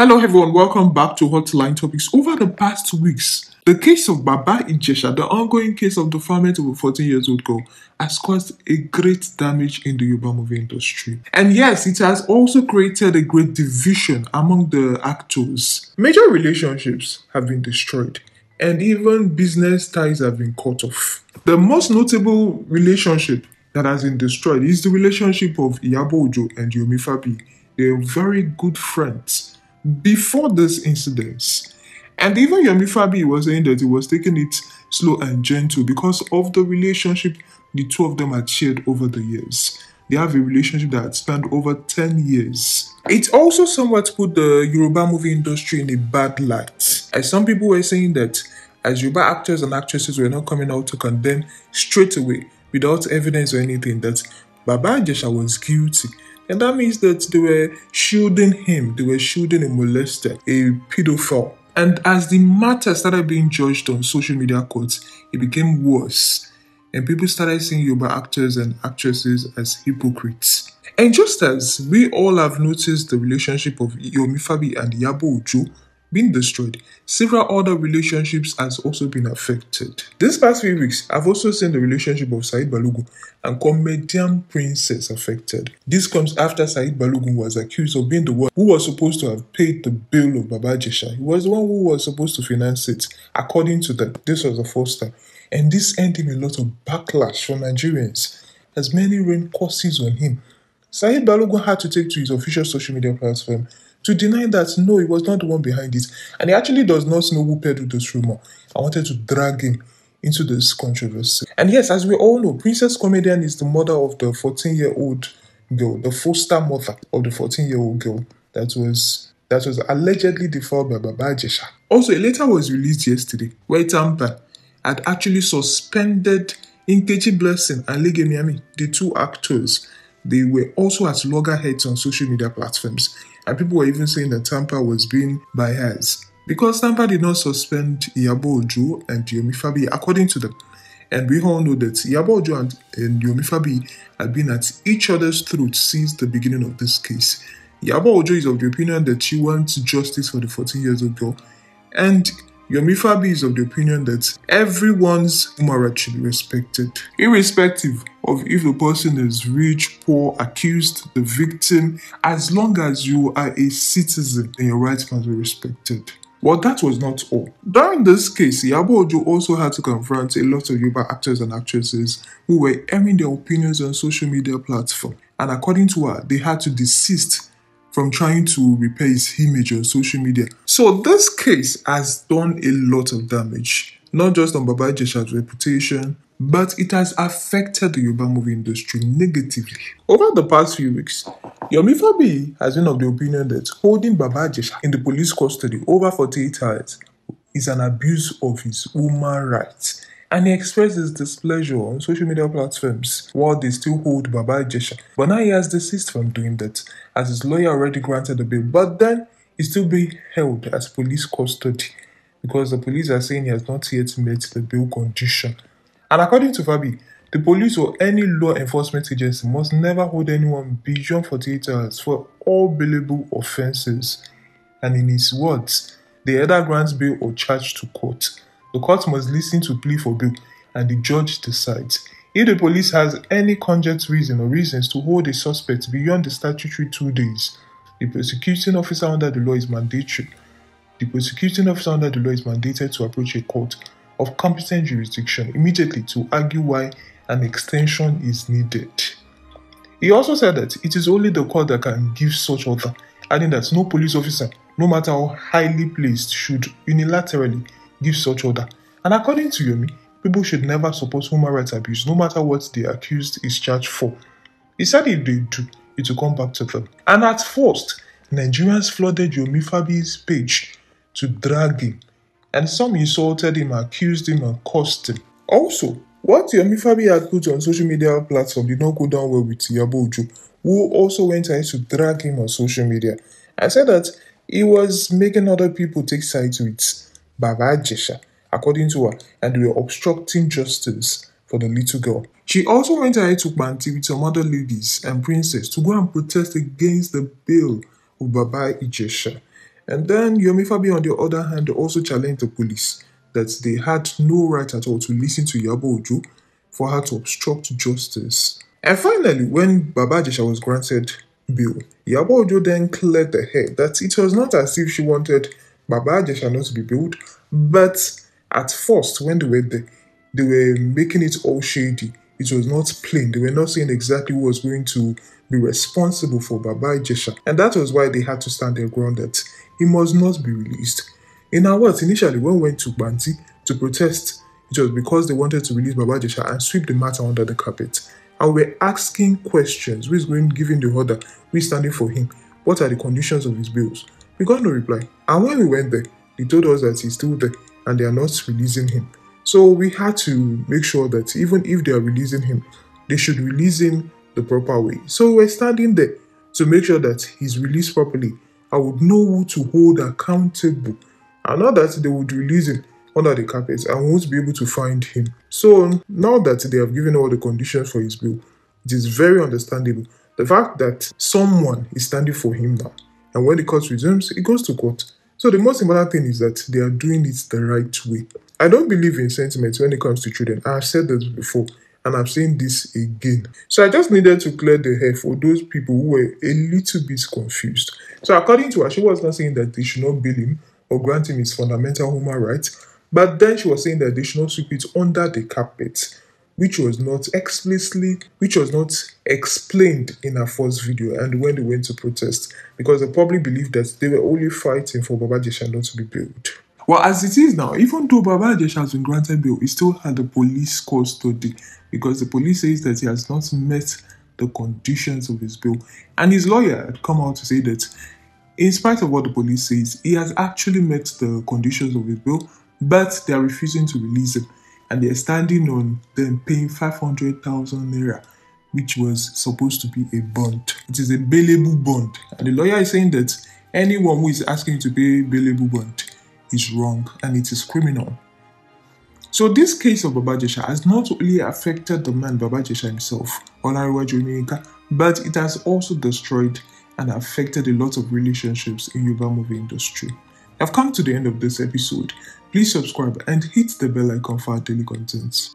Hello everyone, welcome back to Hotline Topics. Over the past two weeks, the case of Baba in Cheshire, the ongoing case of the family of a 14 years old girl, has caused a great damage in the Yoruba movie industry. And yes, it has also created a great division among the actors. Major relationships have been destroyed, and even business ties have been cut off. The most notable relationship that has been destroyed is the relationship of Iyabo Ojo and Yomi Fabi. They are very good friends before this incident. And even Yomi Fabi was saying that he was taking it slow and gentle because of the relationship the two of them had shared over the years. They have a relationship that spanned over 10 years. It also somewhat put the Yoruba movie industry in a bad light, as some people were saying that as Yoruba actors and actresses were not coming out to condemn straight away without evidence or anything that Baba was guilty and that means that they were shielding him, they were shielding a molester, a pedophile. And as the matter started being judged on social media courts, it became worse. And people started seeing Yoruba actors and actresses as hypocrites. And just as we all have noticed the relationship of Yomifabi and Yabo Ojo been destroyed. Several other relationships has also been affected. This past few weeks, I've also seen the relationship of Said Balogun and comedian Princess affected. This comes after Said Balogun was accused of being the one who was supposed to have paid the bill of Baba Jesha. He was the one who was supposed to finance it. According to them, this was the first time. And this ended a lot of backlash from Nigerians as many rain courses on him. Said Balogun had to take to his official social media platform to deny that no, he was not the one behind it. And he actually does not know who with this rumor. I wanted to drag him into this controversy. And yes, as we all know, Princess Comedian is the mother of the 14 year old girl, the foster mother of the 14 year old girl that was. That was allegedly defiled by Baba Jesha. Also, a letter was released yesterday where Tampa had actually suspended Inkechi Blessing and Legemiami, the two actors they were also at loggerheads on social media platforms, and people were even saying that Tampa was being biased because Tampa did not suspend Yabo Ojo and Yomi Fabi, according to them. And we all know that Yabo Ojo and, and Yomi Fabi have been at each other's throats since the beginning of this case. Yabo Ojo is of the opinion that she wants justice for the 14 years old girl, and Yomifabi is of the opinion that everyone's human rights should be respected, irrespective of if the person is rich, poor, accused, the victim, as long as you are a citizen and your rights must be respected. Well, that was not all. During this case, Yabo Ojo also had to confront a lot of Yuba actors and actresses who were airing their opinions on social media platforms, and according to her, they had to desist from trying to repair his image on social media. So this case has done a lot of damage, not just on Baba Jesha's reputation, but it has affected the Yoruba movie industry negatively. Over the past few weeks, Yomi Fabi has been of the opinion that holding Baba Jesha in the police custody over 48 hours is an abuse of his human rights and he expressed his displeasure on social media platforms while they still hold Baba Ijesha. But now he has desisted from doing that as his lawyer already granted a bail. But then he's still being held as police custody because the police are saying he has not yet met the bail condition. And according to Fabi, the police or any law enforcement agency must never hold anyone beyond 48 hours for all billable offences. And in his words, they either grant bail or charge to court. The court must listen to plea for bail and the judge decides. If the police has any conjunct reason or reasons to hold a suspect beyond the statutory two days, the prosecuting officer under the law is mandatory. The prosecuting officer under the law is mandated to approach a court of competent jurisdiction immediately to argue why an extension is needed. He also said that it is only the court that can give such order, adding that no police officer, no matter how highly placed, should unilaterally give such order. And according to Yomi, people should never support human rights abuse, no matter what the accused is charged for. He said if they do, it will come back to them. And at first, Nigerians flooded Yomi Fabi's page to drag him, and some insulted him, accused him, and cursed him. Also, what Yomi Fabi had put on social media platform did not go down well with Yabo who also went ahead to drag him on social media and said that he was making other people take sides with Bavajisha, according to her, and they were obstructing justice for the little girl. She also went ahead to Banti with some other ladies and princes to go and protest against the bill of Baba Ijesha. And then Yomi Fabi, on the other hand, also challenged the police that they had no right at all to listen to Yabo Ojo for her to obstruct justice. And finally, when Baba Ijesha was granted bail, Yabo Ojo then cleared the head that it was not as if she wanted Babaji shall not be built. But at first, when they were there, they were making it all shady. It was not plain. They were not saying exactly who was going to be responsible for Baba Ijesha. And that was why they had to stand their ground that he must not be released. In our words, initially when we went to Banti to protest, it was because they wanted to release Baba Ijesha and sweep the matter under the carpet. And we were asking questions. Who is going giving the order? Who is standing for him? What are the conditions of his bills? We got no reply. And when we went there, he told us that he's still there and they are not releasing him. So we had to make sure that even if they are releasing him, they should release him the proper way. So we're standing there to make sure that he's released properly. I would know who to hold accountable. And not that they would release him under the carpet and won't be able to find him. So now that they have given all the conditions for his bill, it is very understandable. The fact that someone is standing for him now and when the court resumes, it goes to court. So the most important thing is that they are doing it the right way. I don't believe in sentiments when it comes to children. I've said this before and I've seen this again. So I just needed to clear the air for those people who were a little bit confused. So according to her, she was not saying that they should not bail him or grant him his fundamental human rights, but then she was saying that they should not sweep it under the carpet which was not explicitly which was not explained in our first video and when they went to protest because the public believed that they were only fighting for Baba Jesha not to be built. Well, as it is now, even though Baba Jesha has been granted bail, he still had the police custody because the police says that he has not met the conditions of his bail. And his lawyer had come out to say that in spite of what the police says, he has actually met the conditions of his bail, but they are refusing to release him and they're standing on them paying 500,000 naira, which was supposed to be a bond. It is a bailable bond, and the lawyer is saying that anyone who is asking you to pay bailable bond is wrong and it is criminal. So this case of Baba Jesha has not only affected the man Baba Jesha himself, Olariwa Jominika, but it has also destroyed and affected a lot of relationships in Yuba movie industry. I've come to the end of this episode. Please subscribe and hit the bell icon for our daily content.